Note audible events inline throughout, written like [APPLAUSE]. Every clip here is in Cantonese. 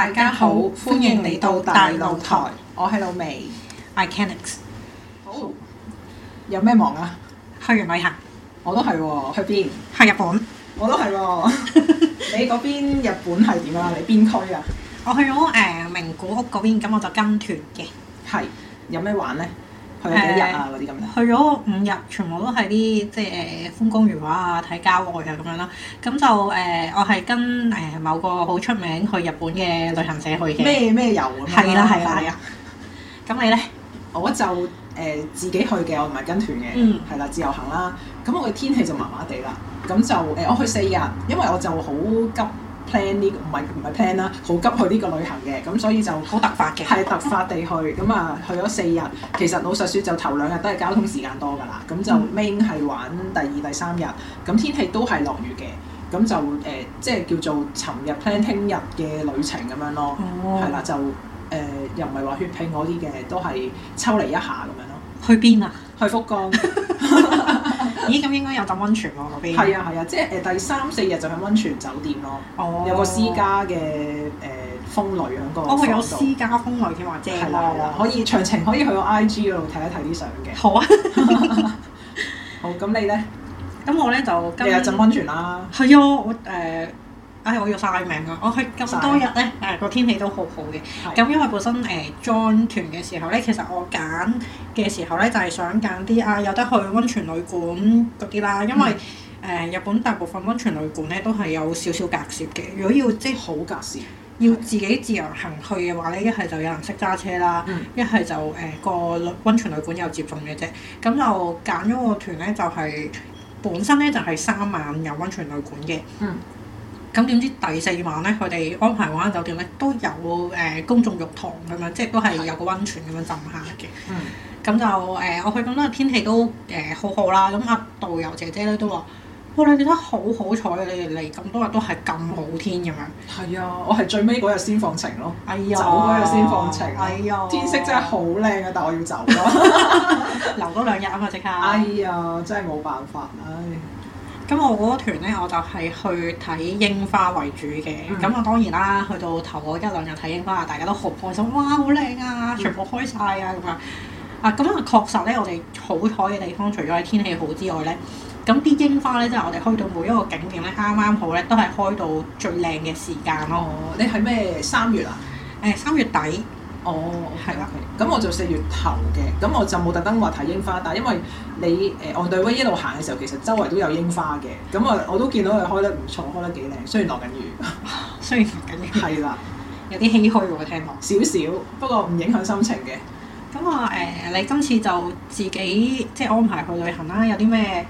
大家好，歡迎嚟到大露台。我係老眉，Icanx。好，can oh, 有咩忙啊？去完旅行，我都係喎去邊？去日本。我都係喎。你嗰邊日本係點啊？你邊區啊？我去咗誒名古屋嗰邊，咁我就跟團嘅。係，有咩玩咧？去咗幾日啊？嗰啲咁，去咗五日，全部都係啲即係誒、呃、風光如畫啊，睇郊外啊咁樣啦。咁就誒、呃，我係跟誒、呃、某個好出名去日本嘅旅行社去嘅。咩咩遊？係啦係啦係啊。咁你咧？我就誒、呃、自己去嘅，我唔係跟團嘅。嗯，係啦，自由行啦。咁我個天氣就麻麻地啦。咁就誒、呃，我去四日，因為我就好急。plan 呢個唔係唔係 plan 啦，好急去呢個旅行嘅，咁所以就好突發嘅，係突發地去，咁啊去咗四日，其實老實説就頭兩日都係交通時間多㗎啦，咁就 main 係玩第二第三日，咁天氣都係落雨嘅，咁就誒、呃、即係叫做尋日 plan 聽日嘅旅程咁樣咯，係、哦、啦，就誒、呃、又唔係話血拼嗰啲嘅，都係抽離一下咁樣咯。去邊啊？去福岡。 [LAUGHS] [LAUGHS] 咦，咁應該有浸温泉喎、啊、嗰邊？係 [NOISE] 啊係啊，即係誒、呃、第三四日就去温泉酒店咯，哦、有個私家嘅誒、呃、風呂，喺個、哦。我係有私家風呂添或者係啦係啦，可以詳情可以去我 IG 嗰度睇一睇啲相嘅。好啊 [LAUGHS] [LAUGHS] 好，好咁你咧？咁我咧就今日浸温泉啦。係啊，我誒。呃唉、哎，我要晒命啊！我去咁多日咧，誒個曬天氣都好好嘅。咁的因為本身誒 join、呃、團嘅時候咧，其實我揀嘅時候咧就係、是、想揀啲啊有得去温泉旅館嗰啲啦，因為誒、嗯呃、日本大部分温泉旅館咧都係有少少隔涉嘅。如果要即係好隔涉，的要自己自由行去嘅話咧，一係就有人識揸車啦，一係、嗯、就誒個旅温泉旅館有接送嘅啫。咁就揀咗個團咧，就係、是、本身咧就係三晚有温泉旅館嘅。嗯。咁點知第四晚咧，佢哋安排玩酒店咧都有誒、呃、公眾浴堂咁樣，即係都係有個温泉咁樣浸下嘅。嗯。咁就誒、呃，我去咁多日天氣都誒好、呃、好啦。咁阿導遊姐姐咧都話，哇、呃！你哋都好好彩啊！你哋嚟咁多日都係咁好天咁樣。係啊。我係最尾嗰日先放晴咯。哎呀呦！走嗰日先放晴。哎呀呦！天色真係好靚啊，但我要走啦。 [LAUGHS] [LAUGHS] 留嗰兩日啊嘛，即刻。哎呀！真係冇辦法唉。哎咁我嗰個團咧，我就係去睇櫻花為主嘅。咁啊、嗯，我當然啦，去到頭嗰一兩日睇櫻花啊，大家都好開心，哇，好靚啊，全部開晒啊咁啊。啊、嗯，咁啊確實咧，我哋好彩嘅地方，除咗喺天氣好之外咧，咁啲櫻花咧，即係我哋去到每一個景點咧，啱啱好咧，都係開到最靚嘅時間咯。你係咩三月啊？誒，三月底。哦，係啦，咁我就四月頭嘅，咁我就冇特登話睇櫻花，但係因為你誒我對威一路行嘅時候，其實周圍都有櫻花嘅，咁啊我，我都見到佢開得唔錯，開得幾靚，雖然落緊雨，雖然落緊雨，係啦 [LAUGHS] 是 la,，有啲唏噓我聽落少少，不過唔影響心情嘅。咁啊誒，你今次就自己即係安排去旅行啦，啊，有啲咩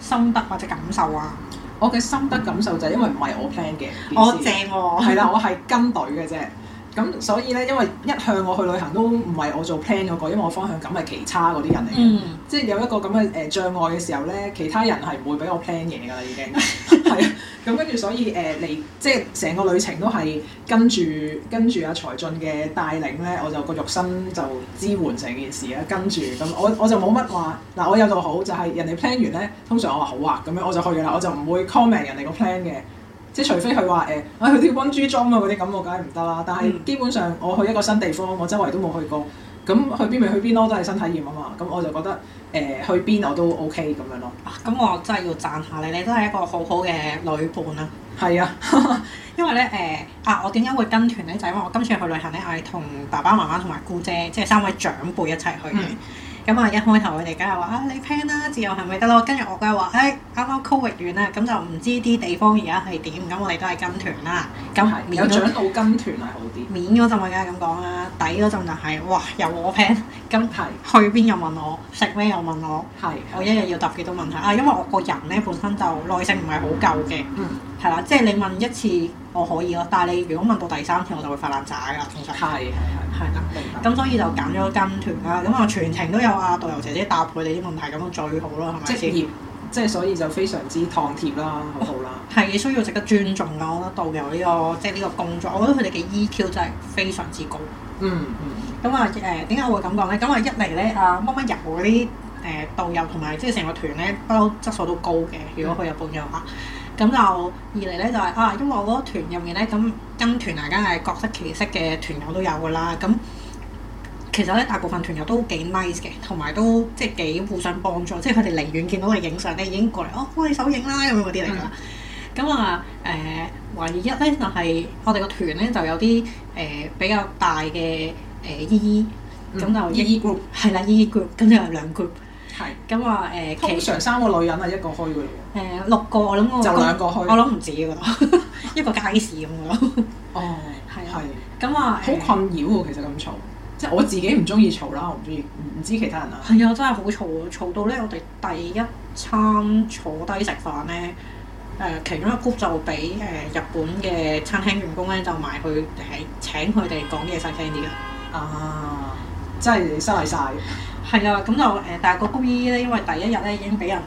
心得或者感受啊？我嘅心得感受就係因為唔係我 plan 嘅，oh, 正哦，la, 我正喎，係啦，我係跟隊嘅啫。 [LAUGHS] 咁所以咧，因為一向我去旅行都唔係我做 plan 嗰、那個，因為我方向感係奇差嗰啲人嚟嘅，mm. 即係有一個咁嘅誒障礙嘅時候咧，其他人係唔會俾我 plan 嘢噶啦，已經係啊。咁跟住所以誒嚟、呃，即係成個旅程都係跟住跟住阿、啊、財進嘅帶領咧，我就個肉身就支援成件事啦，跟住咁我我就冇乜話嗱，我有個好就係、是、人哋 plan 完咧，通常我話好啊咁樣我，我就去嘅啦，我就唔會 comment 人哋個 plan 嘅。即除非佢話誒，啊去啲溫珠莊啊嗰啲咁，我梗係唔得啦。但係基本上，我去一個新地方，我周圍都冇去過，咁去邊咪去邊咯，都係新體驗啊嘛。咁我就覺得誒、呃，去邊我都 OK 咁樣咯。咁、啊、我真係要讚下你，你都係一個好好嘅女伴是啊！係啊，因為咧誒、呃、啊，我點解會跟團咧？就係、是、因為我今次去旅行咧，係、啊、同爸爸媽媽同埋姑姐，即係三位長輩一齊去。嘅、嗯。咁啊、嗯，一開頭佢哋梗係話啊，你 plan 啦、啊，自由行咪得咯？跟住我梗係話，誒啱啱 COVID 完啦，咁就唔知啲地方而家係點。咁我哋都係跟團啦。咁係有長度跟團係好啲。免嗰陣咪梗係咁講啦，抵嗰陣就係、是，哇！有我 plan，跟、嗯、係的去邊又問我，食咩又問我，係的我一日要答幾多問題啊？因為我個人咧本身就耐性唔係好夠嘅，嗯，係啦，即係你問一次我可以咯，但係你如果問到第三次我就會發爛渣噶，通常係係係。的的係啦，咁所以就揀咗跟團啦，咁啊、嗯、全程都有啊導遊姐姐答佢哋啲問題，咁啊最好啦，係咪？即係熱，即係所以就非常之熨貼啦，好好啦。係、哦、需要值得尊重㗎，我覺得導遊呢、呢個即係呢個工作，我覺得佢哋嘅 EQ 真係非常之高。嗯。咁、嗯呃、啊誒，點解我會咁講咧？咁啊一嚟咧啊乜乜遊嗰啲誒導遊同埋即係成個團咧，不嬲質素都高嘅。如果去日本嘅話。嗯。咁就二嚟咧就係啊，因為我嗰個團入面咧，咁跟團啊，梗係各式其式嘅團友都有噶啦。咁其實咧，大部分團友都幾 nice 嘅，同埋都即係幾互相幫助，即係佢哋離遠見到我哋影相，你已經過嚟哦幫你手影啦咁樣嗰啲嚟噶啦。咁啊誒，話二一咧就係我哋個團咧就有啲誒比較大嘅誒姨姨，咁就姨姨 group 係啦，姨姨 group 跟住有兩 group。係，咁話誒，啊、其通常三個女人係一個墟嘅咯喎。六個我諗我，就兩個墟，我，我諗唔止啊嗰 [LAUGHS] 一個街市咁咯。 [LAUGHS] [LAUGHS] 哦，係。係。咁話。好困擾喎，其實咁嘈，即係我自己唔中意嘈啦，我唔中意，唔知其他人啊。係啊，真係好嘈嘈到咧，我哋第一餐坐低食飯咧，誒、呃，其中一個 group 就俾誒日本嘅餐廳員工咧，就埋去誒請佢哋講嘢細聲啲啦。啊！真係失禮晒。 [LAUGHS] 係啊，咁就誒，但係個 group 姨姨咧，因為第一日咧已經俾人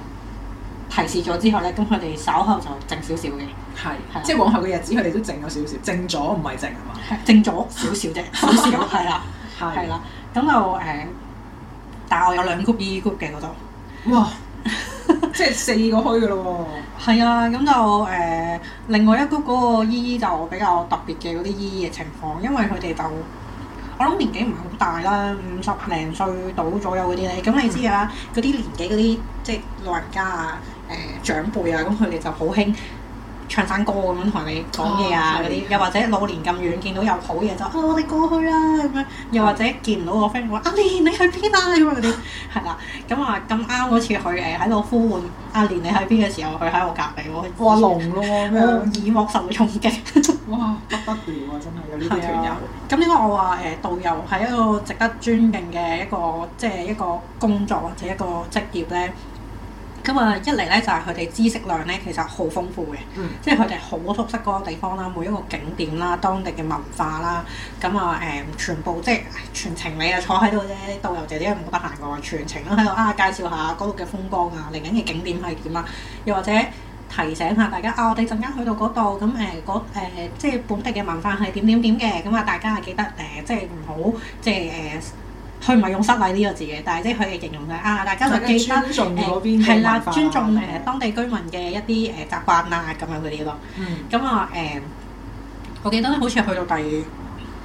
提示咗之後咧，咁佢哋稍後就靜少少嘅。係，即係往後嘅日子佢哋都靜咗少少，靜咗唔係靜係嘛？靜咗少少啫，少少係啦，係啦的，咁就誒，但係我有兩 group 姨 group 嘅嗰度。哇！即係四個開嘅咯喎。係啊，咁就誒，另外一 group 嗰個姨姨就比較特別嘅嗰啲姨姨嘅情況，因為佢哋就。我諗年紀唔係好大啦，五十零歲到左右嗰啲咧，咁你知啊，嗰啲年紀嗰啲即係老人家啊，誒、呃、長輩啊，咁佢哋就好興。唱山歌咁樣同你講嘢啊嗰啲，哦、又或者老年咁遠見到有好嘢就啊，我哋過去啊，咁樣，又或者見唔到個 friend 話阿蓮你去邊啊咁啊嗰啲，係啦，咁啊咁啱嗰次佢誒喺度呼喚阿蓮、啊、你喺邊嘅時候，佢喺我隔籬喎。哇聾咯，我耳膜受用嘅，哇不得了啊，真係有啲團友。咁點解我話誒、欸、導遊係一個值得尊敬嘅一個即係一,一個工作或者一個職業咧？咁啊，一嚟咧就係佢哋知識量咧，其實好豐富嘅，嗯、即係佢哋好熟悉嗰個地方啦，每一個景點啦，當地嘅文化啦，咁啊誒，全部即係全程你啊坐喺度啫，導遊姐姐唔得閒個全程啦，喺度啊介紹下嗰度嘅風光啊，嚟緊嘅景點係點啊？又或者提醒下大家啊，我哋陣間去到嗰度，咁誒嗰即係本地嘅文化係點點點嘅，咁啊大家啊記得誒即係唔好即係誒。呃佢唔係用失禮呢個字嘅，但係即係佢嘅形容佢啊，大家就記得誒，係啦，尊重誒、嗯、當地居民嘅一啲誒習慣啊，咁樣嗰啲咯。咁啊誒，我記得咧，好似去到第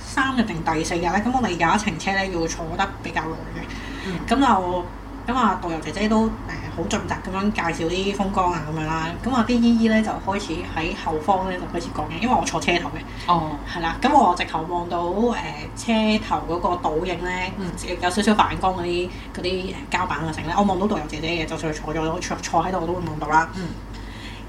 三日定第四日咧，咁我哋有一程車咧要坐得比較耐嘅。咁就、嗯。咁啊，導遊姐姐都誒好盡責咁樣介紹啲風光啊咁樣啦。咁啊，啲姨姨咧就開始喺後方咧就開始講嘢，因為我坐車頭嘅。哦。係啦，咁我直頭望到誒、呃、車頭嗰個倒影咧，嗯、有少少反光嗰啲嗰啲膠板啊成咧，我望到導遊姐姐嘅，就算佢坐，坐，坐咗坐坐喺度我都會望到啦。嗯。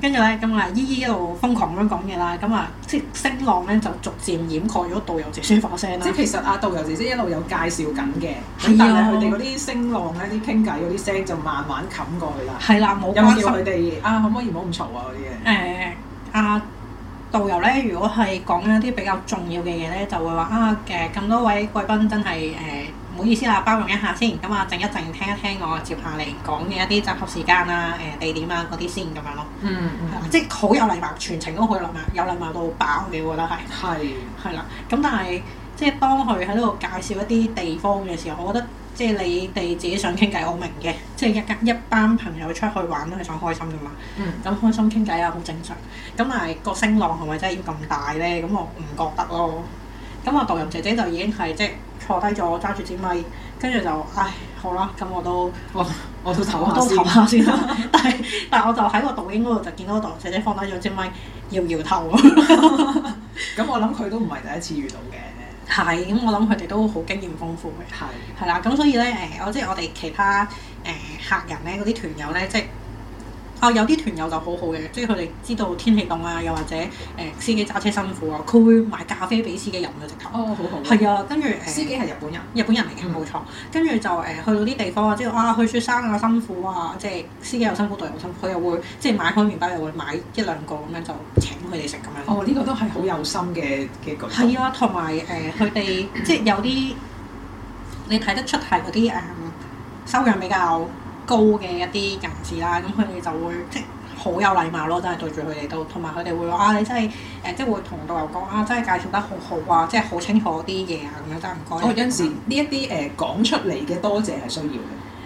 跟住咧，咁啊，姨姨一路瘋狂咁樣講嘢啦，咁啊，即係聲浪咧就逐漸掩蓋咗導遊姐姐嗰聲啦。即係其實阿導遊姐姐一路有介紹緊嘅，咁、啊、但係佢哋嗰啲聲浪咧、啲傾偈嗰啲聲就慢慢冚過去啦。係啦、啊，冇關佢哋啊，可唔可以唔好咁嘈啊嗰啲嘢。誒、呃，阿導遊咧，如果係講一啲比較重要嘅嘢咧，就會話啊，誒咁多位貴賓真係誒。呃唔好意思啦，包容一下先，咁啊靜一靜，聽一聽我接下嚟講嘅一啲集合時間啦、誒地點啊嗰啲先咁樣咯。嗯嗯、mm hmm. 呃。即係好有禮貌，全程都好有禮貌，有禮貌到爆嘅，我覺得係。係、mm。係、hmm. 啦，咁但係即係當佢喺度介紹一啲地方嘅時候，我覺得即係你哋自己想傾偈，我明嘅。即係一間一班朋友出去玩都係想開心㗎嘛。嗯、mm。咁、hmm. 開心傾偈啊，好正常。咁但係個聲浪係咪真係要咁大咧？咁我唔覺得咯。咁啊，導遊姐姐就已經係即係。坐低咗揸住支咪，跟住就唉，好啦，咁我都我我都唞下先，都唞下先。 [LAUGHS] [LAUGHS] 但係但係我就喺個導演嗰度就見到度姐姐放低咗支咪，搖搖頭。咁 [LAUGHS] [LAUGHS] 我諗佢都唔係第一次遇到嘅。係，咁我諗佢哋都好經驗豐富嘅。係是。係啦，咁所以咧誒，呃、即我即係我哋其他誒、呃、客人咧，嗰啲團友咧，即係。有啲團友就好好、啊、嘅，即係佢哋知道天氣凍啊，又或者誒、呃、司機揸車辛苦啊，佢會買咖啡俾司機飲嘅、啊、直頭。哦，好好。係啊，跟住誒。司機係日本人，日本人嚟嘅冇錯。跟住就誒、呃、去到啲地方即啊，之後啊去雪山啊辛苦啊，即係司機又辛苦，導遊又辛苦，佢又會即係買塊麵包，又會買一兩個咁樣就請佢哋食咁樣。哦，呢、這個都係好有心嘅嘅舉。係 [LAUGHS] 啊，同埋誒佢哋即係有啲你睇得出係嗰啲誒收養比較高嘅一啲人士啦，咁佢哋就會即係好有禮貌咯，真係對住佢哋都，同埋佢哋會話、啊：你真係誒，即係會同導遊講啊，真係介紹得好好、哦呃欸、啊，即係好清楚啲嘢啊咁樣，真係唔該。哦，有陣時呢一啲誒講出嚟嘅多謝係需要嘅。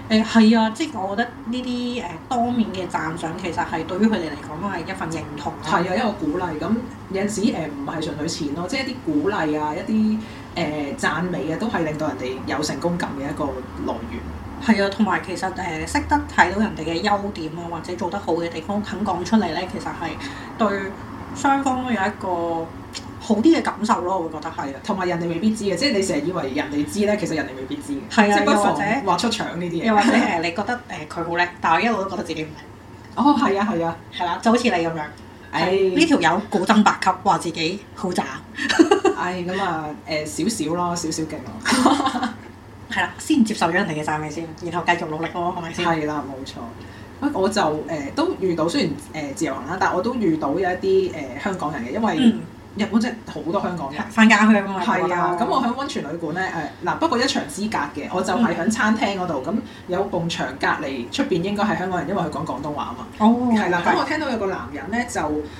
誒係啊，即係我覺得呢啲誒當面嘅讚賞其實係對於佢哋嚟講都係一份認同。係啊，一個鼓勵。咁有陣時誒唔係純粹錢咯，即係一啲鼓勵啊，一啲誒、呃、讚美啊，都係令到人哋有成功感嘅一個來源。係啊，同埋其實誒識得睇到人哋嘅優點啊，或者做得好嘅地方，肯講出嚟咧，其實係對雙方都有一個好啲嘅感受咯。我會覺得係啊，同埋人哋未必知嘅，即係你成日以為人哋知咧，其實人哋未必知嘅。係啊，或者話出場呢啲嘢，又或者係你覺得誒佢好叻，但係我一路都覺得自己唔係。哦，係啊，係啊，係啦，就好似你咁樣。誒，呢條友古箏八級，話自己好渣。誒咁啊，誒少少咯，少少勁咯。係啦，先接受咗人哋嘅贊美，係咪先？然後繼續努力咯，係咪先？係啦，冇錯。我我就誒、呃、都遇到，雖然誒、呃、自由行啦，但係我都遇到有一啲誒、呃、香港人嘅，因為。嗯日本真係好多香港人，翻間去啊嘛。係啊，咁我喺溫泉旅館咧，誒、啊、嗱，不過一牆之隔嘅，我就係喺餐廳嗰度，咁、嗯、有埲牆隔離出邊，面應該係香港人，因為佢講廣東話啊嘛。哦。係啦、啊，咁是我聽到有個男人咧，就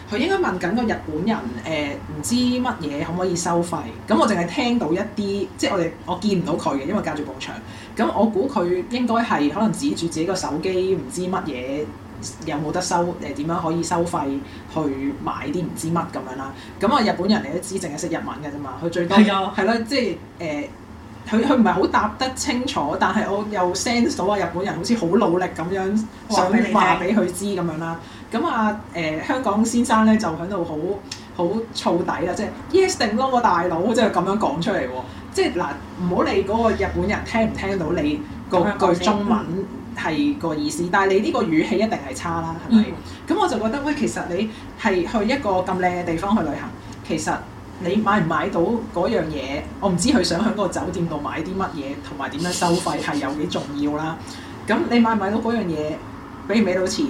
佢應該問緊個日本人，誒、呃、唔知乜嘢可唔可以收費？咁我淨係聽到一啲，即係我哋我見唔到佢嘅，因為隔住埲牆。咁我估佢應該係可能指住自己個手機，唔知乜嘢。有冇得收？誒，點樣可以收費去買啲唔知乜咁樣啦？咁啊，日本人你都知，淨係識日文嘅啫嘛。佢最多係咯，即係誒，佢佢唔係好答得清楚，但係我又 sense 到啊，日本人好似好努力咁樣想話俾佢知咁樣啦。咁啊誒，香港先生咧就喺度好好燥底啦，即係 yes 定咯，大佬，即係咁樣講出嚟喎。即係嗱，唔好理嗰個日本人聽唔聽到你個句中文。係個意思，但係你呢個語氣一定係差啦，係咪？咁、mm hmm. 我就覺得喂，其實你係去一個咁靚嘅地方去旅行，其實你買唔買到嗰樣嘢，我唔知佢想喺個酒店度買啲乜嘢，同埋點樣收費係有幾重要啦。咁你買唔買到嗰樣嘢，俾唔俾到錢，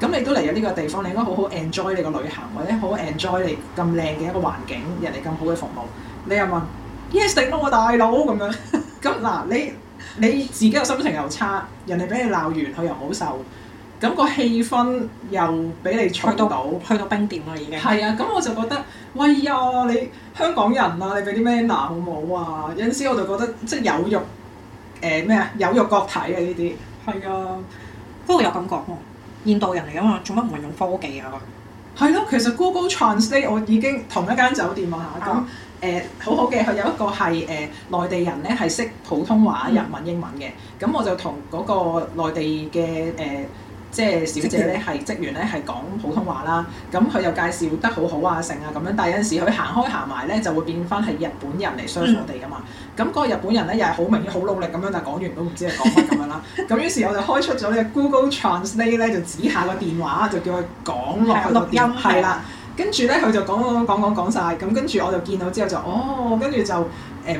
咁你都嚟咗呢個地方，你應該好好 enjoy 你個旅行，或者好好 enjoy 你咁靚嘅一個環境，人哋咁好嘅服務，你又問 yes 咯，我大佬咁樣，咁 [LAUGHS] 嗱你。你自己嘅心情又差，人哋俾你鬧完佢又唔好受，咁個氣氛又俾你吹到去到去到冰點咯已經。係啊，咁我就覺得，喂呀，你香港人啊，你俾啲 manner 鬧好唔好啊？有陣時我就覺得，即係有辱誒咩啊，有辱國體啊呢啲。係啊，不過有感覺喎，現代人嚟啊嘛，做乜唔運用科技啊？係咯、啊，其實 Google Translate 我已經同一間酒店啊嚇咁。嗯誒、呃、好好嘅，佢有一個係誒、呃、內地人咧，係識普通話、日文、英文嘅。咁、嗯、我就同嗰個內地嘅誒、呃、即係小姐咧，係職員咧，係講普通話啦。咁佢又介紹得好好啊，成啊咁樣。但係有陣時佢行開行埋咧，就會變翻係日本人嚟 s e、嗯、我哋㗎嘛。咁嗰個日本人咧，又係好明顯好努力咁樣，但係講完都唔知係講乜咁樣啦。咁於 [LAUGHS] 是我就開出咗呢個 Google Translate 咧，就指下個電話，就叫佢講落去錄音係啦。 [LAUGHS] 跟住咧，佢就講講講講講曬，咁跟住我就見到之後就哦，跟住就誒唔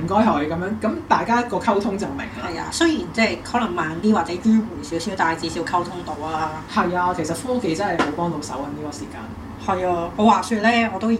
該佢咁樣，咁大家個溝通就明啦。係啊，雖然即係可能慢啲或者迂迴少少，但係至少溝通到啊。係啊，其實科技真係好幫到手啊。呢個時間。係啊，我話說咧，我都誒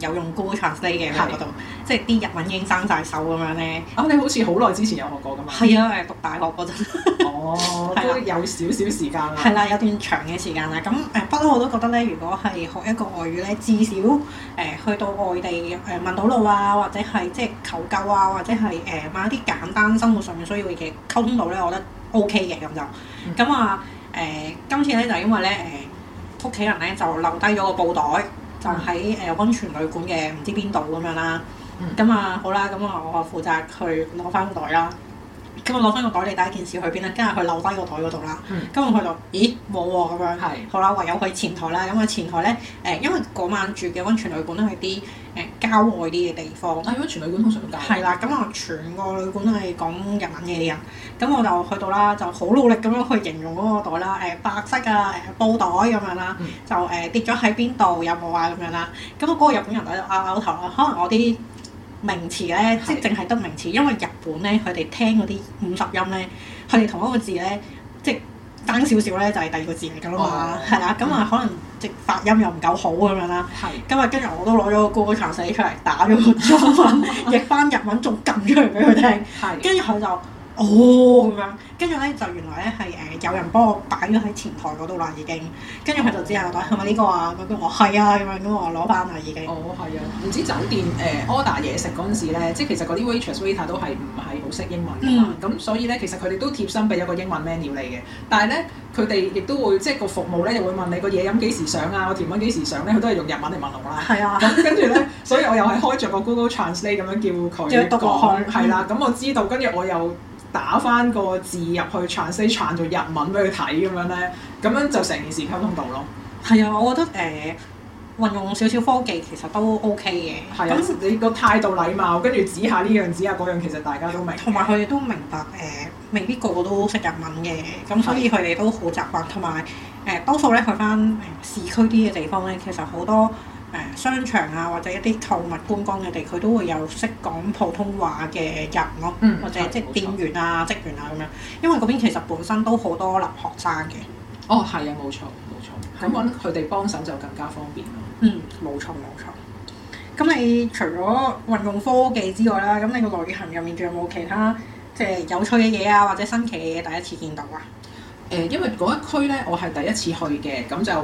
有用 Google Translate 嘅喺嗰度，的即係啲日文已經生晒手咁樣咧。啊，你好似好耐之前有學過㗎嘛？係啊，誒讀大學嗰陣。哦，了都有少少時間啦。係啦，有段長嘅時間啦。咁誒，不過我都覺得咧，如果係學一個外語咧，至少誒、呃、去到外地誒、呃、問到路啊，或者係即係求救啊，或者係誒、呃、買一啲簡單生活上面需要嘅溝通到咧，我覺得 OK 嘅，咁就咁啊，誒，今次咧就因為咧誒。呃屋企人咧就留低咗個布袋，就喺誒温泉旅館嘅唔知邊度咁樣啦。咁啊、嗯、好啦，咁啊我負責去攞翻個袋啦。咁我攞翻個袋嚟睇件事去邊啦，跟住佢漏低個袋嗰度啦。咁、嗯、我去到，咦冇喎咁樣。係的，好啦，唯有去前台啦。咁啊前台咧，誒因為嗰晚住嘅温泉旅館都係啲誒郊外啲嘅地方。啊，温泉旅館通常好大。係啦，咁啊全個旅館係講日文嘅人。咁我就去到啦，就好努力咁樣去形容嗰個袋啦，誒、呃、白色啊布袋咁樣啦，嗯、就誒、呃、跌咗喺邊度有冇啊咁樣啦。咁啊嗰個日本人咧就拗拗頭啦，可能我啲。名詞咧，即係淨係得名詞，的因為日本咧，佢哋聽嗰啲五十音咧，佢哋同一個字咧，即係單少少咧就係第二個字嚟㗎喇嘛，係啦，咁啊可能即係發音又唔夠好咁樣啦，咁啊跟住我都攞咗個歌詞出嚟打咗個中文譯返 [LAUGHS] 日文，仲撳出嚟俾佢聽，跟住佢就。哦咁樣，跟住咧就原來咧係誒有人幫我擺咗喺前台嗰度啦已經，跟住佢就知啊，我擺係咪呢個啊？佢佢話係啊咁樣咁我攞翻啦已經。哦，係啊，唔知酒店誒 order 嘢食嗰陣時咧，即係其實嗰啲 waitress waiter 都係唔係好識英文噶嘛？咁所以咧，其實佢哋都貼心俾咗個英文 menu 你嘅，但係咧佢哋亦都會即係個服務咧，又會問你個嘢飲幾時上啊，我甜品幾時上咧，佢都係用日文嚟問我啦。係啊，咁跟住咧，所以我又係開着個 Google Translate 咁樣叫佢講係啦，咁我知道，跟住我又。打翻個字入去 translate，譯做日文俾佢睇咁樣咧，咁樣就成件事溝通到咯。係啊，我覺得誒、呃、運用少少科技其實都 OK 嘅。係啊的，你那個態度禮貌，跟住指下呢樣指下嗰樣，其實大家都明。同埋佢哋都明白誒、呃，未必個個都識日文嘅，咁所以佢哋都好習慣。同埋誒多數咧去翻市區啲嘅地方咧，其實好多。商場啊，或者一啲購物觀光嘅地區，佢都會有識講普通話嘅人咯、啊，嗯、或者即係店員啊、冇錯，職員啊咁樣。因為嗰邊其實本身都好多留學生嘅。哦，係啊，冇錯，冇錯。咁佢哋幫手就更加方便咯。嗯，冇錯，冇錯。咁你除咗運用科技之外啦，咁你個旅行入面仲有冇其他即係有趣嘅嘢啊，或者新奇嘅嘢第一次見到啊？誒，因為嗰一區咧，我係第一次去嘅，咁就誒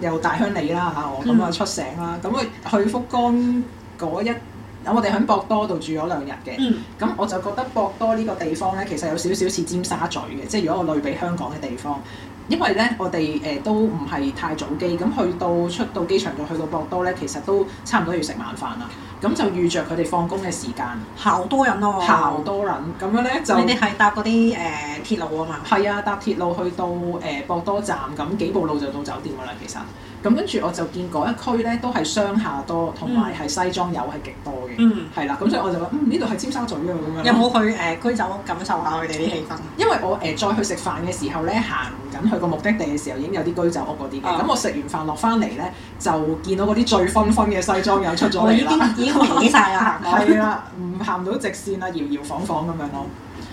又、呃、大鄉里啦嚇，我咁啊出城啦，咁去、嗯、去福岡嗰一，咁我哋喺博多度住咗兩日嘅，咁、嗯、我就覺得博多呢個地方咧，其實有少少似尖沙咀嘅，即係如果我類比香港嘅地方，因為咧我哋誒都唔係太早機，咁去到出，出到機場就去到博多咧，其實都差唔多要食晚飯啦。咁就預着佢哋放工嘅時間，好多人咯、哦，好多人咁樣咧就你哋係搭嗰啲誒鐵路啊嘛，係啊，搭鐵路去到誒、呃、博多站，咁幾步路就到酒店噶啦，其實。咁跟住我就見嗰一區咧都係商廈多，同埋係西裝友係極多嘅，係啦、嗯。咁所以我就話：嗯，呢度係尖沙咀啊咁樣。有冇去誒、呃、居酒屋感受下佢哋啲氣氛？因為我誒再去食飯嘅時候咧， [LAUGHS] 行緊去個目的地嘅時候已經有啲居酒屋嗰啲嘅。咁我食完飯落翻嚟咧，就見到嗰啲醉醺醺嘅西裝友出咗嚟啦。已經已經迷死曬啦！行係啦，行唔到直線啦，搖搖晃晃咁樣咯。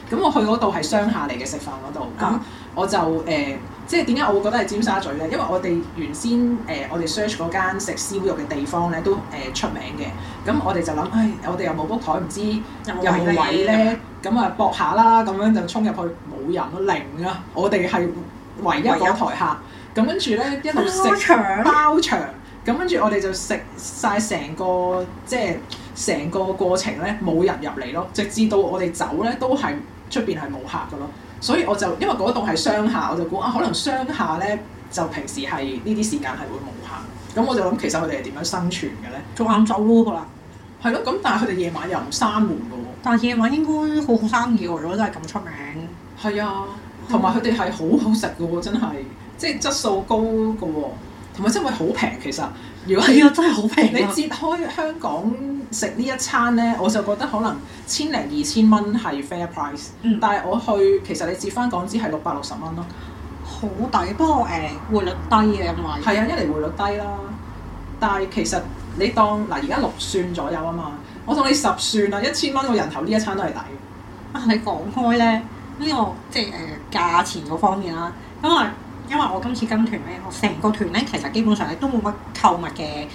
咁我去嗰度係商下嚟嘅食飯嗰度，咁、啊、我就誒、呃，即係點解我會覺得係尖沙咀咧？因為我哋原先誒、呃、我哋 search 嗰間食燒肉嘅地方咧，都誒、呃、出名嘅。咁、嗯、我哋就諗，唉、哎，我哋又冇 book 台，唔知有冇位咧，咁啊搏下啦，咁樣就衝入去，冇人咯，零啊！我哋係唯一嗰台客，咁跟住咧一路食包場，咁跟住我哋就食晒成個即係成個過程咧冇人入嚟咯，直至到我哋走咧都係。都出面係冇客嘅咯，所以我就因為嗰度係商廈，我就估啊，可能商廈咧就平時係呢啲時間係會冇客。咁我就諗，其實佢哋係點樣生存嘅咧？做晏晝咯，係咯。咁但係佢哋夜晚又唔閂門嘅喎。但係夜晚，晚應該好好生意喎，如果真係咁出名。係啊的，同埋佢哋係好好食嘅喎，真係，即係質素高嘅同埋真係好平？其實，係 [LAUGHS] 啊，真係好平。你折開香港食呢一餐呢，我就覺得可能千零二千蚊係 fair price，嗯。但係我去，其實你折翻港紙係六百六十蚊咯，好抵。不過誒、呃，匯率低嘅咪係啊，一嚟匯率低啦，但係其實你當嗱，而家六算左右啊嘛，我同你十算啦，一千蚊個人頭呢一餐都係抵。啊，你講開呢，呢、呢個即係誒、呃、價錢嗰方面啦，因為。因為我今次跟團咧，我成個團咧，其實基本上咧都冇乜購物嘅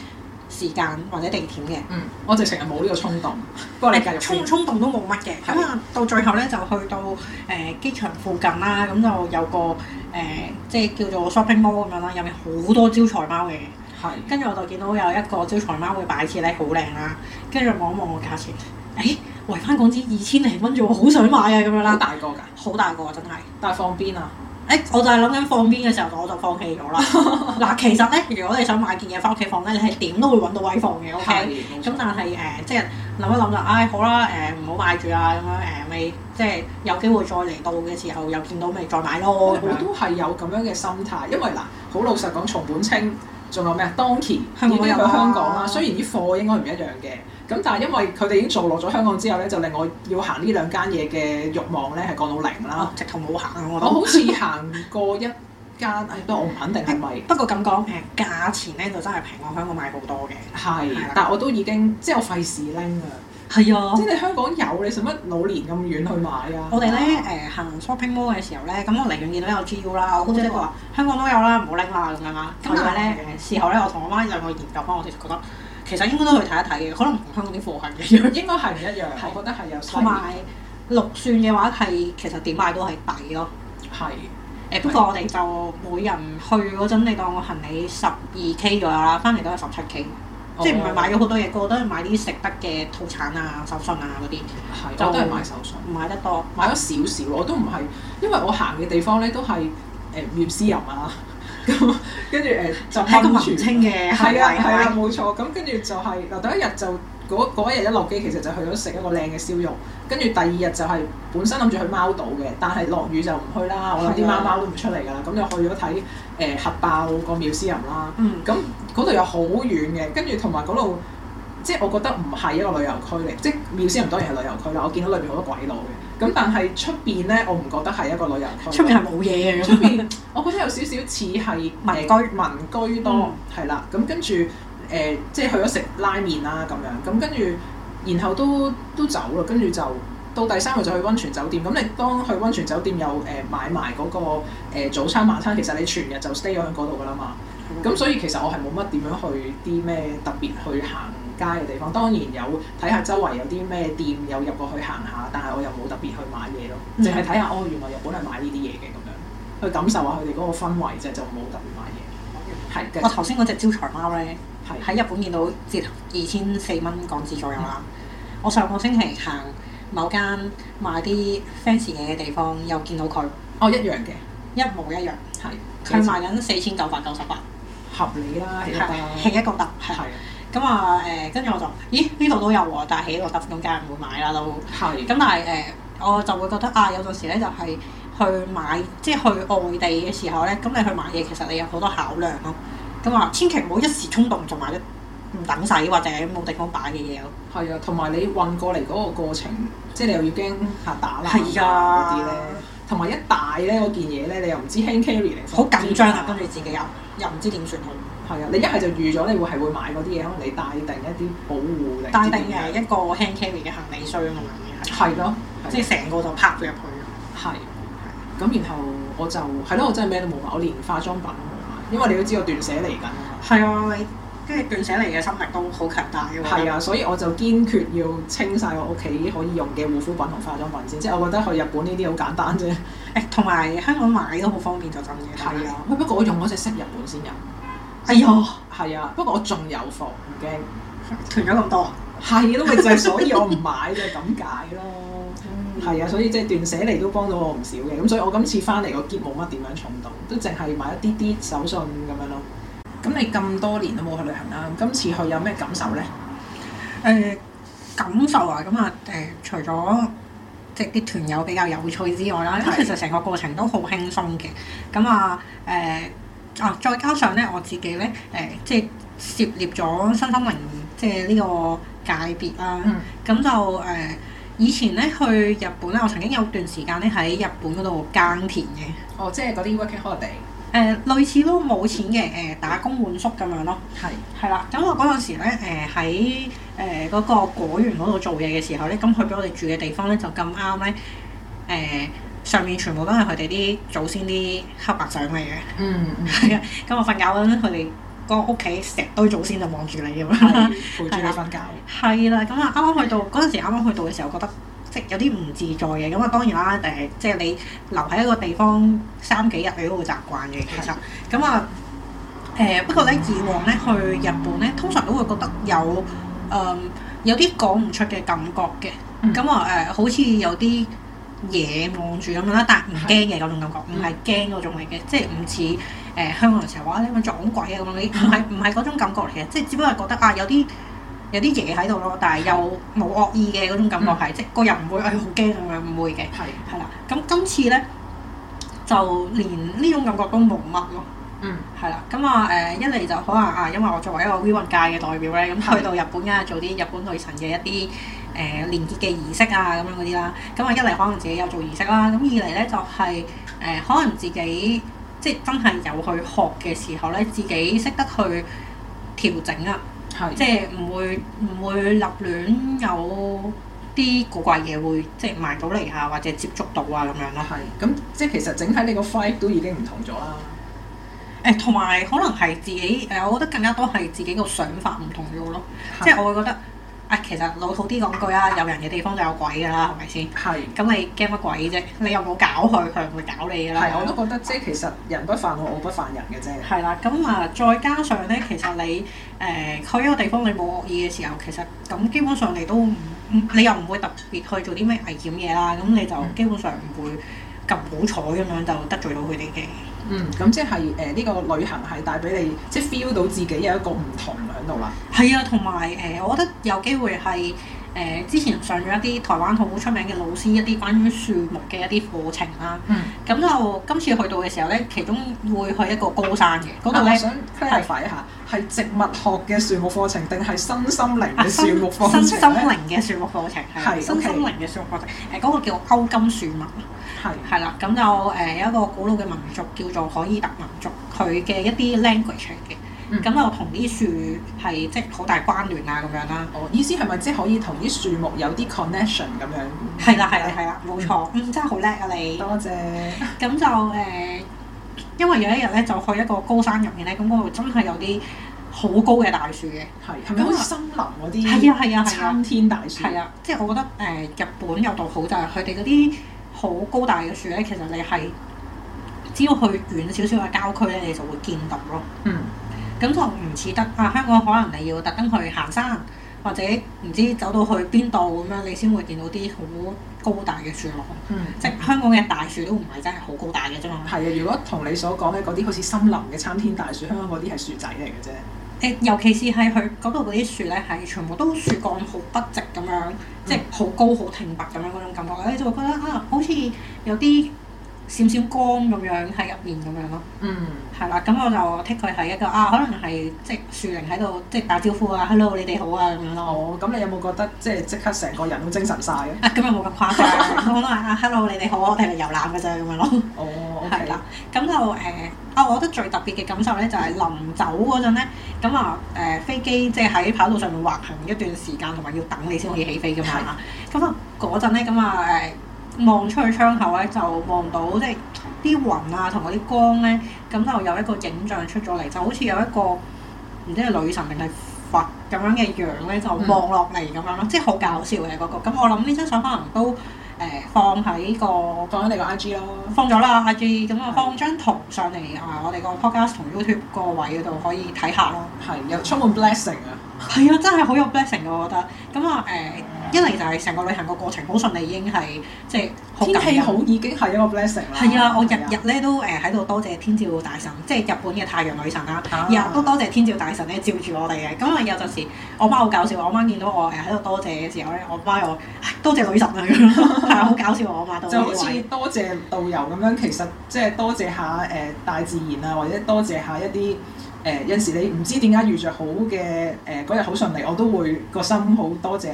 時間或者地點嘅。嗯，我直成日冇呢個衝動。不過你衝衝動都冇乜嘅。咁啊語、嗯，到最後咧就去到誒、欸、機場附近啦，咁就有個誒、欸、即係叫做 shopping mall 咁樣啦，入面好多招財貓嘅。係的。跟住我就見到有一個招財貓嘅擺設咧，好靚啦。跟住望一望個價錢，誒圍翻港紙二千零蚊啫，好想買啊咁樣啦。 [LAUGHS] 好大個㗎！好大個啊，真係。 [LAUGHS] 真但係放邊啊？誒、欸，我就係諗緊放邊嘅時候，我就放棄咗啦。嗱， [LAUGHS] 其實咧，如果你想買件嘢翻屋企放咧，你係點都會揾到位放嘅，O K。咁、okay? 但係誒、呃，即係諗一諗啦，唉、哎，好啦，誒、呃，唔好買住啊，咁樣誒，咪、呃，即係有機會再嚟到嘅時候，又見到咪再買咯。我都係有咁樣嘅心態，因為嗱，好老實講，松本清仲有咩啊？Donki 已經喺香港啦，是是雖然啲貨應該唔一樣嘅。咁但係因為佢哋已經做落咗香港之後咧，就令我要行呢兩間嘢嘅慾望咧係降到零啦，直頭冇行。我好似行過一間，都我唔肯定係咪。不過咁講誒，價錢咧就真係平過香港買好多嘅。係，但係我都已經即係我費事拎啊。係啊，即係你香港有你，使乜老年咁遠去買啊？我哋咧誒行 shopping mall 嘅時候咧，咁我寧願見到有 G U 啦，我姑姐話香港都有啦，唔好拎啦咁樣啦。咁但係咧，事後咧我同我媽又去研究翻，我哋覺得，其實應該都去睇一睇嘅，可能同香港啲貨行嘅樣應該係唔一樣，我覺得係有同埋六算嘅話係其實點買都係抵咯。係誒、嗯，啊、不過我哋就每人去嗰陣，你當我行李十二 K 左右啦，翻嚟都係十七 K，哦、即係唔係買咗好多嘢，個個都係買啲食得嘅套餐啊、手信啊嗰啲，係我都係買手信，買得多，買咗少少，我都唔係，因為我行嘅地方咧都係誒唔私人啊。嗯嗯嗯嗯嗯嗯。咁 [LAUGHS] 跟住誒就全清嘅，係啊係啊冇錯。咁跟住就係、是、嗱，第一日就嗰一日一落機，其實就去咗食一個靚嘅燒肉。跟住第二日就係本身諗住去貓島嘅，但係落雨就唔去啦。我諗啲貓貓都唔出嚟㗎的、呃、啦。咁就去咗睇誒核爆個妙思人啦。咁嗰度又好遠嘅，跟住同埋嗰度即係我覺得唔係一個旅遊區嚟，即係妙思人當然係旅遊區啦。我見到裏邊好多鬼佬嘅。咁但係出邊咧，我唔覺得係一個旅遊區。出邊係冇嘢嘅。出邊，我覺得有少少似係民居，民居多。係啦、嗯，咁跟住誒，即係去咗食拉麵啦、啊，咁樣，咁跟住，然後都都走啦，跟住就到第三日就去溫泉酒店。咁你當去溫泉酒店有誒、呃、買埋嗰、嗰個、呃、早餐晚餐，其實你全日就 stay 喺嗰度噶啦嘛。咁、嗯、所以其實我係冇乜點樣去啲咩特別去行。街嘅地方，當然有睇下周圍有啲咩店，有入過去行下，但係我又冇特別去買嘢咯，淨係睇下哦，原來日本係買呢啲嘢嘅，咁樣。去感受下佢哋嗰個氛圍就就冇特別買嘢。係。我頭先嗰隻招財貓咧，喺日本見到折二千四蚊港紙左右啦。我上個星期行某間賣啲 fancy 嘢嘅地方，又見到佢。哦，一樣嘅，一模一樣。係。佢賣緊四千九百九十八，合理啦，係一個特係。咁啊誒，跟住我就，咦呢度都有喎，但係喺我特惠梗係唔會買啦都。係。咁但係誒，我就會覺得啊，有陣時咧就係去買，即係去外地嘅時候咧，咁你去買嘢其實你有好多考量咯。咁啊，千祈唔好一時衝動就買得唔等使或者冇地方擺嘅嘢咯。係啊，同埋你運過嚟嗰個過程，即係你又要驚嚇打爛啊嗰啲咧，同埋一大咧嗰件嘢咧，你又唔知 hand carry 嚟，好緊張啊！跟住自己又又唔知點算好。係啊，你一係就預咗你會係會買嗰啲嘢，可能你帶定一啲保護力，帶定嘅一個 hand carry 嘅行李箱咁啊嘛，係咯，即係成個就拍咗入去啊。係的，咁的然後我就係咯，我真係咩都冇買，我連化妝品都冇買，因為你要知道我斷捨離緊啊嘛。係啊，跟住斷捨離嘅心力都好強大啊。係啊，所以我就堅決要清晒我屋企可以用嘅護膚品同化妝品先。即係我覺得去日本呢啲好簡單啫。誒，同埋香港買都好方便，就真嘅。係啊，不過我用嗰隻色日本先有。哎呀，係 [NOISE] 啊，不過我仲有貨唔驚，團友咁多，係咯、 [LAUGHS] 啊，就係、是、所以我唔買就係咁解咯，係 [NOISE] 啊，所以即係斷捨離都幫到我唔少嘅，咁所以我今次翻嚟個喼冇乜點樣重動，都淨係買一啲啲手信咁樣咯。咁你咁多年都冇去旅行啦，咁今次去有咩感受咧？誒感受啊，咁啊誒，除咗即係啲團友比較有趣之外啦，咁、嗯、其實成個過程都好輕鬆嘅，咁啊誒。嗯嗯嗯嗯嗯。哦、啊，再加上咧，我自己咧，誒、呃，即係涉獵咗身心靈，即係呢個界別啦。咁、嗯、就誒、呃，以前咧去日本咧，我曾經有段時間咧喺日本嗰度耕田嘅。哦，即係嗰啲 working holiday。誒、呃，類似都冇錢嘅誒、呃，打工換宿咁樣咯。係。係啦，咁我嗰陣時咧，誒喺誒嗰個果園嗰度做嘢嘅時候咧，咁、嗯、去俾我哋住嘅地方咧就咁啱咧，誒、呃。呃上面全部都係佢哋啲祖先啲黑白相嚟嘅，嗯，嗯，係啊。咁我瞓覺嗰陣，佢哋個屋企成堆祖先就望住你咁樣， [LAUGHS] 陪住你瞓覺。係啦， [LAUGHS] 咁啊，啱、嗯、啱去到嗰陣時，啱啱去到嘅時候，覺得即係有啲唔自在嘅。咁、嗯、啊，當然啦、啊，誒、呃，即係你留喺一個地方三幾日，你都會習慣嘅。其實的，咁啊，誒、嗯嗯嗯嗯，不過咧，以往咧去日本咧，通常都會覺得有誒、呃、有啲講唔出嘅感覺嘅。咁啊，誒，好似有啲。嘢望住咁樣啦，但係唔驚嘅嗰種感覺，唔係驚嗰種嚟嘅，嗯、即係唔似誒香港人成日話咧，你撞鬼啊咁嗰啲，唔係唔係嗰種感覺嚟嘅，即係只不過係覺得啊，有啲有啲嘢喺度咯，但係又冇惡意嘅嗰種感覺係。嗯、即係個人唔會誒好驚咁樣，唔、哎、會嘅，係啦的，咁今次咧就連呢種感覺都冇乜咯，嗯，係啦，咁啊誒一嚟就可能啊，因為我作為一個 Viu 文界嘅代表咧，咁去到日本啊做啲日本女神嘅一啲。誒、呃、連結嘅儀式啊，咁樣嗰啲啦，咁、嗯、啊一嚟可能自己有做儀式啦，咁二嚟咧就係、是、誒、呃、可能自己即係真係有去學嘅時候咧，自己識得去調整啊，的即係唔會唔會立亂有啲古怪嘢會即係埋到嚟啊，或者接觸到啊咁樣咯。係的。咁即係其實整體你個氛圍都已經唔同咗啦。誒、欸，同埋可能係自己誒，我覺得更加多係自己個想法唔同咗咯，的即係我會覺得。啊，其實老土啲講句啦，有人嘅地方就有鬼噶啦，係咪先？係是。咁你驚乜鬼啫？你又冇搞佢，佢唔會搞你噶啦。係是，的我都覺得即係其實人不犯我，我不犯人嘅啫。係啦，咁啊，再加上咧，其實你誒、呃、去一個地方，你冇惡意嘅時候，其實咁基本上你都唔，你又唔會特別去做啲咩危險嘢啦。咁你就基本上唔會咁好彩咁樣就得罪到佢哋嘅。嗯，咁即係誒呢個旅行係帶俾你，即係 feel 到自己有一個唔同喺度啦。係啊，同埋誒，我覺得有機會係誒、呃、之前上咗一啲台灣好出名嘅老師一啲關於樹木嘅一啲課程啦、嗯啊。嗯。咁就今次去到嘅時候咧，其中會去一個高山嘅。嗰度一我想 clarify 一下，係植物學嘅樹木課程定係新心靈嘅樹木課程、啊、新,新,新心靈嘅樹木課程係。係、啊、新,新心靈嘅樹木課程，誒、啊、嗰個叫做歐金樹木。係係啦，咁就誒有一個古老嘅民族叫做可伊特民族，佢嘅一啲 language 嘅，咁就同啲樹係即係好大關聯啊咁樣啦。哦，意思係咪即係可以同啲樹木有啲 connection 咁樣？係啦係啦係啦，冇錯。嗯，真係好叻啊你。多謝。咁就誒，因為有一日咧就去一個高山入面咧，咁嗰度真係有啲好高嘅大樹嘅。係係咪好似森林嗰啲？係啊係啊係啊。參天大樹。係啊，即係我覺得誒日本有道好就係佢哋嗰啲。好高大嘅樹咧，其實你係只要去遠少少嘅郊區咧，你就會見到咯。嗯，咁就唔似得、嗯、啊！香港可能你要特登去行山，或者唔知走到去邊度咁樣，你先會見到啲好高大嘅樹落。即係、嗯、香港嘅大樹都唔係真係好高大嘅啫嘛。係啊，如果同你所講嘅嗰啲好似森林嘅參天大樹，香港嗰啲係樹仔嚟嘅啫。誒，尤其是係佢嗰度嗰啲樹咧，係全部都樹幹好筆直咁樣，即係好高好挺拔咁樣嗰種感覺，你、嗯、就會覺得啊，好似有啲～閃閃光咁樣喺入面咁樣咯，嗯、mm.，係啦，咁我就剔佢係一個啊，可能係即樹靈喺度即打招呼啊，hello 你哋好啊咁樣咯。哦，咁你有冇覺得即即刻成個人都精神晒？嘅、啊？咁又冇咁誇張， [LAUGHS] 我都啊 [LAUGHS] ，hello 你哋好，我哋嚟遊覽嘅啫咁樣咯。 [LAUGHS] 哦，OK 啦，咁就誒啊、呃，我覺得最特別嘅感受咧就係臨走嗰陣咧，咁啊誒飛機即喺跑道上面滑行一段時間，同埋要等你先可以起飛㗎嘛。係、mm.。咁啊嗰陣咧，咁啊誒。 [NOISE] [NOISE] 望出去窗口咧，就望到即係啲雲啊，同嗰啲光咧，咁就有一個影像出咗嚟，就好似有一個唔知係女神定係佛咁樣嘅樣咧，就望落嚟咁樣咯，嗯、即係好搞笑嘅嗰、那個。咁、那個、我諗呢張相可能都誒放喺個放喺你個 I G 咯，放咗啦，I G 咁啊放，放，IG，放張圖上嚟的啊，我哋個 Podcast 同 YouTube 個位嗰度可以睇下咯。係，有充滿 blessing 噶。係啊， [LAUGHS] 真係好有 blessing 噶，我覺得。咁啊誒。呃一嚟就係成個旅行個過程好順利，已經係即係好感恩。天氣好已經係一個 blessing。係啊，我日日咧都誒喺度多謝天照大神，即係日本嘅太陽女神啦。日都、啊、多謝天照大神咧照住我哋嘅。咁啊有陣時，我媽好搞笑，我媽見到我誒喺度多謝嘅時候咧，我媽又多謝女神啊咁咯，係啊好搞笑啊我媽都就好似多謝，謝導遊咁樣，其實即係多謝下誒、呃、大自然啊，或者多謝一下一啲誒、呃、有時你唔知點解遇着好嘅誒嗰日好順利，我都會個心好多謝。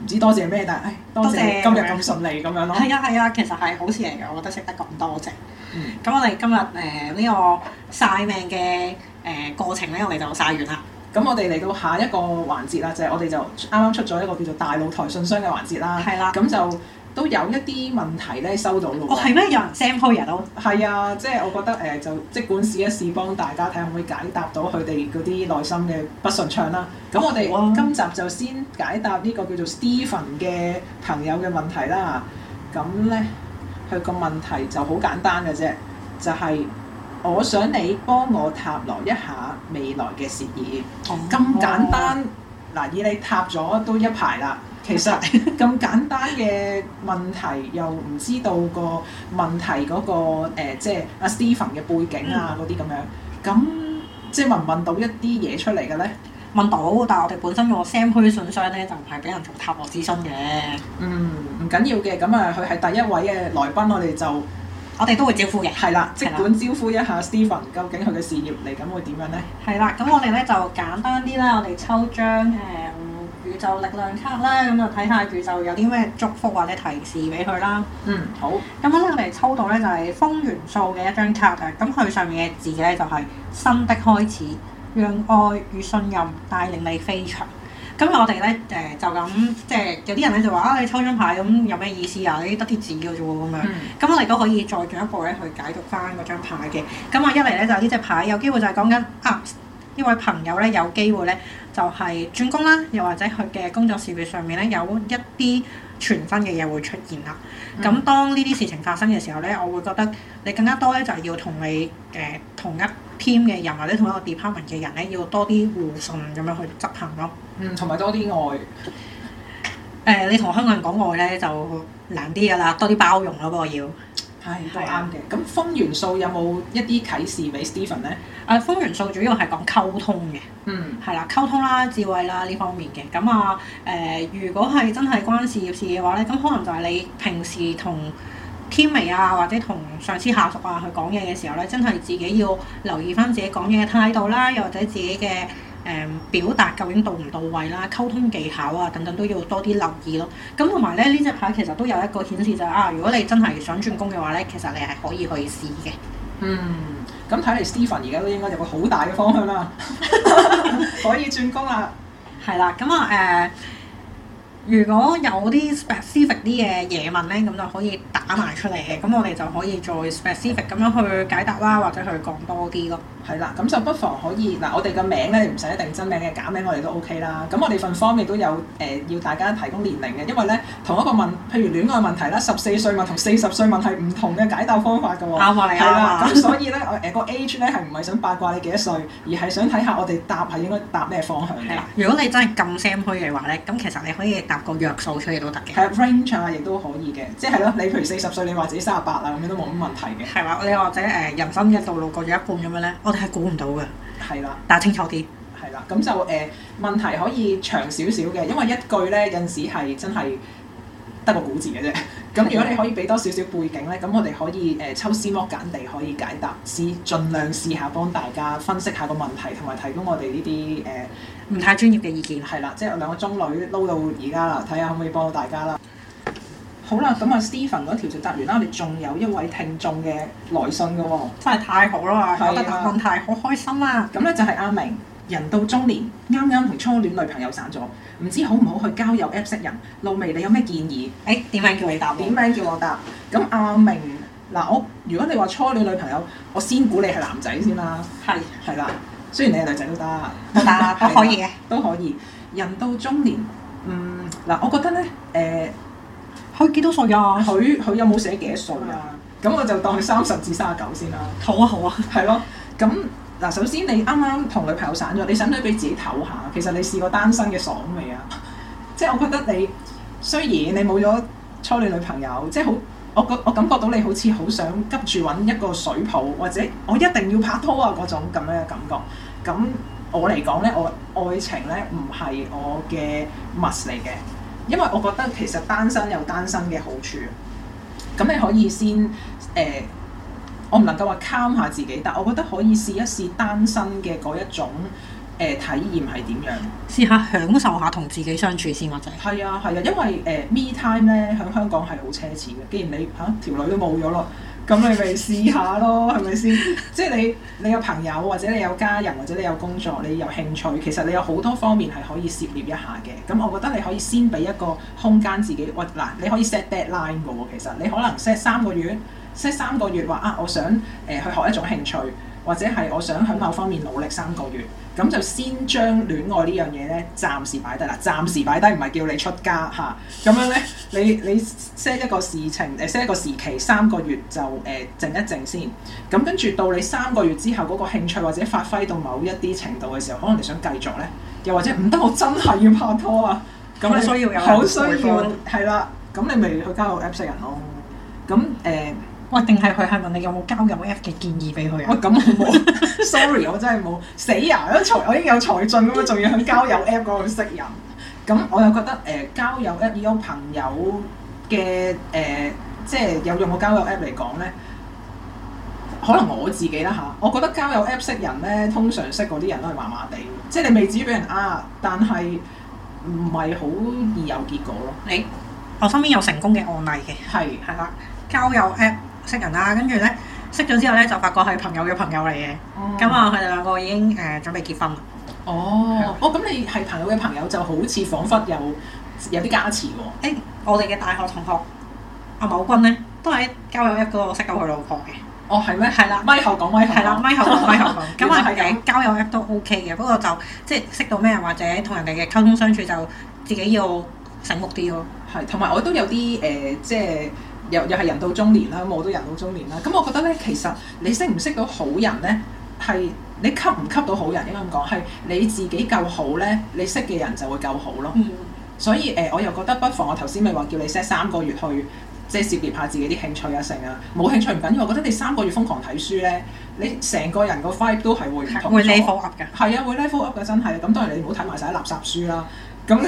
唔知多謝咩，但係誒，多謝今日咁順利咁謝樣咯。係啊係啊，其實係好事嚟嘅，我覺得識得咁多隻。咁、嗯、我哋今日誒呢個晒命嘅誒、呃、過程咧，我哋就晒完啦。咁我哋嚟到下一個環節啦，就係、是、我哋就啱啱出咗一個叫做大露台信箱嘅環節啦。係啦、啊，咁就。都有一啲問題咧，收到咯，哦係咩？有人 send 嚟嘅都係啊！即係我覺得誒、呃、就即管試一試，幫大家睇下可唔可以解答到佢哋嗰啲內心嘅不順暢啦。咁、嗯、我哋今集就先解答呢個叫做 Stephen 嘅朋友嘅問題啦。咁咧佢個問題就好簡單嘅啫，就係、是、我想你幫我塔羅一下未來嘅事業，咁、嗯、簡單。嗯嗯嗱，以你塌咗都一排啦，其實咁 [LAUGHS] 簡單嘅問題又唔知道個問題嗰、那個、呃、即係阿 Stephen 嘅背景啊嗰啲咁樣，咁、嗯、即係問問到一啲嘢出嚟嘅咧，問到，但係我哋本身個 sam hui 信箱咧就唔係俾人做塔羅諮詢嘅。嗯，唔緊要嘅，咁啊佢係第一位嘅來賓，我哋就。我哋都會招呼嘅。係啦，即管招呼一下 Steven，究竟佢嘅事業嚟緊會點樣呢？係啦，咁我哋咧就簡單啲啦。我哋抽張誒、呃、宇宙力量卡啦，咁就睇下宇宙有啲咩祝福或者提示俾佢啦。嗯，好。咁我哋抽到咧就係風元素嘅一張卡嘅，咁佢上面嘅字咧就係新的開始，讓愛與信任帶領你飛翔。咁我哋咧誒就咁，即係有啲人咧就話啊，你抽張牌咁有咩意思啊？你得啲紙嘅啫喎咁樣。咁、嗯、我哋都可以再進一步咧去解讀翻嗰張牌嘅。咁我一嚟咧就呢、係、隻牌有機會就係講緊啊呢位朋友咧有機會咧就係、係、轉工啦，又或者佢嘅工作事業上面咧有一啲。全新嘅嘢會出現啦，咁、嗯、當呢啲事情發生嘅時候咧，我會覺得你更加多咧就係、是、要同你誒、呃、同一 team 嘅人或者同一個 department 嘅人咧，要多啲互信咁樣去執行咯。嗯，同埋多啲愛。誒、呃，你同香港人講愛咧就難啲噶啦，多啲包容咯，我要。係都係啱嘅。咁風的元素有冇一啲啟示俾 Stephen 咧？誒風、啊、元素主要係講溝通嘅，嗯，係啦溝通啦、啊、智慧啦、啊、呢方面嘅。咁啊誒、呃，如果係真係關事業事嘅話咧，咁可能就係你平時同天微啊或者同上司下屬啊去講嘢嘅時候咧，真係自己要留意返自己講嘢嘅態度啦，又或者自己嘅。誒、嗯、表達究竟到唔到，到位啦，溝通技巧啊等等都要多啲留意咯。咁同埋咧，呢隻牌其實都有一個顯示就係、是、啊，如果你真係想轉工嘅話咧，其實你係可以去試嘅。嗯，咁睇嚟 Steven 而家都應該有個好大嘅方向啦， [LAUGHS] [LAUGHS] 可以轉工啦。係啦，咁啊誒，如果有啲 specific 啲嘅嘢問咧，咁就可以打埋出嚟嘅，咁我哋就可以再 specific 咁樣去解答啦，或者去講多啲咯。係啦，咁就不妨可以嗱，我哋個名咧唔使一定真名嘅，假名我哋都 OK 啦。咁我哋份 form 都有誒、呃、要大家提供年齡嘅，因為咧同一個問，譬如戀愛問題啦，十四歲問同四十歲問係唔同嘅解答方法㗎喎。啱啊，你係啦。咁所以咧，我誒、 [LAUGHS] 呃、那個 age 咧係唔係想八卦你幾多歲，而係想睇下我哋答係應該答咩方向嘅。係啦，如果你真係咁 sam hui 嘅話咧，咁其實你可以答個約數出嚟都得嘅。係 range 啊，亦都可以嘅。即係咯，你譬如四十歲，你話自己三十八啊，咁樣都冇乜問題嘅。係啦，你或者誒人生嘅道路過咗一半咁樣咧，係估唔到噶，係啦了，答清楚啲，係啦，咁就誒、呃、問題可以長少少嘅，因為一句呢，有陣時係真係得個古字嘅啫。咁如果你可以俾多少少背景呢，咁我哋可以誒、呃、抽絲剝繭地可以解答，試盡量試下幫大家分析下個問題，同埋提供我哋呢啲誒唔太專業嘅意見。係啦，即係兩個中女撈到而家啦，睇下可唔可以幫到大家啦。好啦，咁啊，Steven 嗰條就答完啦。我哋仲有一位聽眾嘅來信噶喎，真係太好啦！有得答案太好開心啦。咁咧就係阿明，人到中年，啱啱同初戀女朋友散咗，唔知好唔好去交友 App 識人？露薇，你有咩建議？誒，點樣叫你答？點樣叫我答？咁阿明，嗱，我如果你話初戀女朋友，我先估你係男仔先啦。係係啦，雖然你係女仔都得，得，都可以嘅，都可以。人到中年，嗯，嗱，我覺得咧，誒。佢幾多歲呀？佢佢有冇寫幾多歲啊？咁、嗯、我就當佢三十至卅九先啦。好啊好啊，係咯。咁嗱，首先你啱啱同女朋友散咗，你想唔想俾自己唞下？其實你試過單身嘅爽未啊？ [LAUGHS] 即係我覺得你雖然你冇咗初戀女朋友，即係好我覺我感覺到你好似好想急住揾一個水泡，或者我一定要拍拖啊嗰種咁樣嘅感覺。咁、嗯、我嚟講呢，我愛情呢，唔係我嘅 must 嚟嘅。因為我覺得其實單身有單身嘅好處，咁你可以先誒、呃，我唔能夠話 calm 下自己，但我覺得可以試一試單身嘅嗰一種誒、呃、體驗係點樣，試下享受下同自己相處先或者。係啊係、就是、啊，啊，因為誒、呃、Me Time 咧喺香港係好奢侈嘅，既然你嚇條、啊、女都冇咗咯。咁 [LAUGHS] 你咪試下咯，係咪先？即係你你有朋友，或者你有家人，或者你有工作，你有興趣，其實你有好多方面係可以涉獵一下嘅。咁我覺得你可以先俾一個空間自己喎。嗱，你可以 set deadline 喎、哦。其實你可能 set 三個月，set 三個月話啊，我想誒、呃、去學一種興趣。或者係我想喺某方面努力三個月，咁就先將戀愛呢樣嘢咧暫時擺低啦，暫時擺低，唔係叫你出家吓。咁、啊、樣咧，你你 set 一個事情，誒、呃、set 一個時期，三個月就誒、呃、靜一靜先。咁跟住到你三個月之後嗰、那個興趣或者發揮到某一啲程度嘅時候，可能你想繼續咧，又或者唔得，我真係要拍拖啊！咁你需要有好需要，係啦，咁你咪去交友 app 識人咯。咁、嗯、誒。嗯呃我定係佢係問你有冇交友 app 嘅建議俾佢啊？咁、哦、我冇 [LAUGHS] ，sorry，我真係冇死啊！我我已經有財進咁嘛，仲要喺交友 app 嗰度識人。咁 [LAUGHS] 我又覺得誒、呃、交友 app 有朋友嘅誒、呃，即係有用個交友 app 嚟講咧，可能我自己啦嚇，我覺得交友 app 識人咧，通常識嗰啲人都係麻麻地，即係你未至於俾人呃，但係唔係好易有結果咯。你、欸、我身邊有成功嘅案例嘅，係係啦，交友 app。識人啦、啊，跟住咧識咗之後咧就發覺係朋友嘅朋友嚟嘅，咁啊佢哋兩個已經誒、呃、準備結婚啦。哦，哦咁你係朋友嘅朋友，就好似彷彿有有啲加持喎、啊。我哋嘅大學同學阿某、啊、君咧，都喺交友一個識到佢老婆嘅。哦，係咩？係、啊、 [MUSIC] 啦，咪後講咪後。係啦，咪後咪後。咁啊， [LAUGHS] [MUSIC] 交友 app 都 OK 嘅，不過就即係識到咩或者同人哋嘅溝通相處，就自己要醒目啲咯。係、嗯，同埋我都有啲誒，即、嗯、係。呃 [MUSIC] 又又係人到中年啦，我都人到中年啦。咁我覺得咧，其實你識唔識到好人咧，係你吸唔吸到好人應該咁講，係你自己夠好咧，你識嘅人就會夠好咯。嗯、所以誒、呃，我又覺得不妨我頭先咪話叫你 set 三個月去即係涉獵下自己啲興趣啊成啊，冇興趣唔緊要。我覺得你三個月瘋狂睇書咧，你成個人個 vibe 都係會唔同，會 level up 嘅。係啊，會 level up 嘅真係。咁、嗯、當然你唔好睇埋晒啲垃圾書啦。咁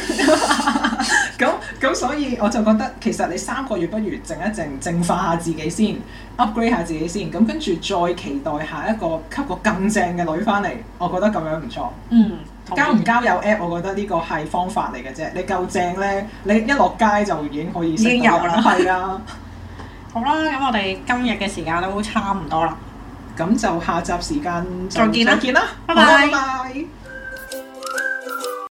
[LAUGHS] [LAUGHS] 咁咁所以我就覺得其實你三個月不如靜一靜，淨化下自己先，upgrade 下自己先，咁跟住再期待下一個吸個更正嘅女翻嚟，我覺得咁樣唔錯。嗯，交唔交友 app，我覺得呢個係方法嚟嘅啫。你夠正呢，你一落街就已經可以，先有啦，係啊。 [LAUGHS] 好啦，咁我哋今日嘅時間都差唔多啦。咁就下集時間再見啦，見啦，拜拜 bye。